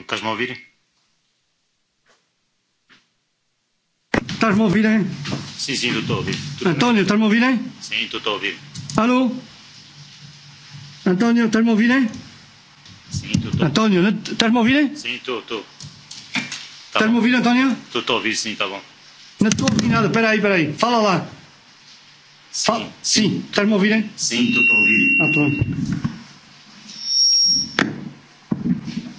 Estás-me a ouvir? Estás-me a ouvir, hein? Sim, sim, estou a ouvir. António, estás-me a ouvir, hein? Sim, estou a ouvir. Alô? António, estás-me a ouvir, hein? Sim, estou a António, estás-me a ouvir, hein? Sim, estou, estou. Estás-me a ouvir, António? Estou a ouvir, sim, está bom. Não estou a ouvir nada, espera aí, espera aí. Fala lá. Sim, estás-me a ouvir, hein? Sim, estou a ouvir. Ah, pronto.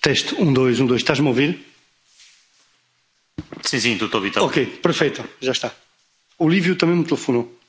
Teste 1, 2, 1, 2. Estás-me a ouvir? Sim, sim, estou a ouvir. Ok, perfeito, já está. O Lívio também me telefonou.